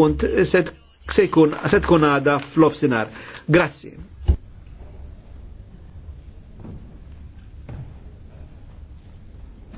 punt se tkun għada fl-ofsinar. Grazie.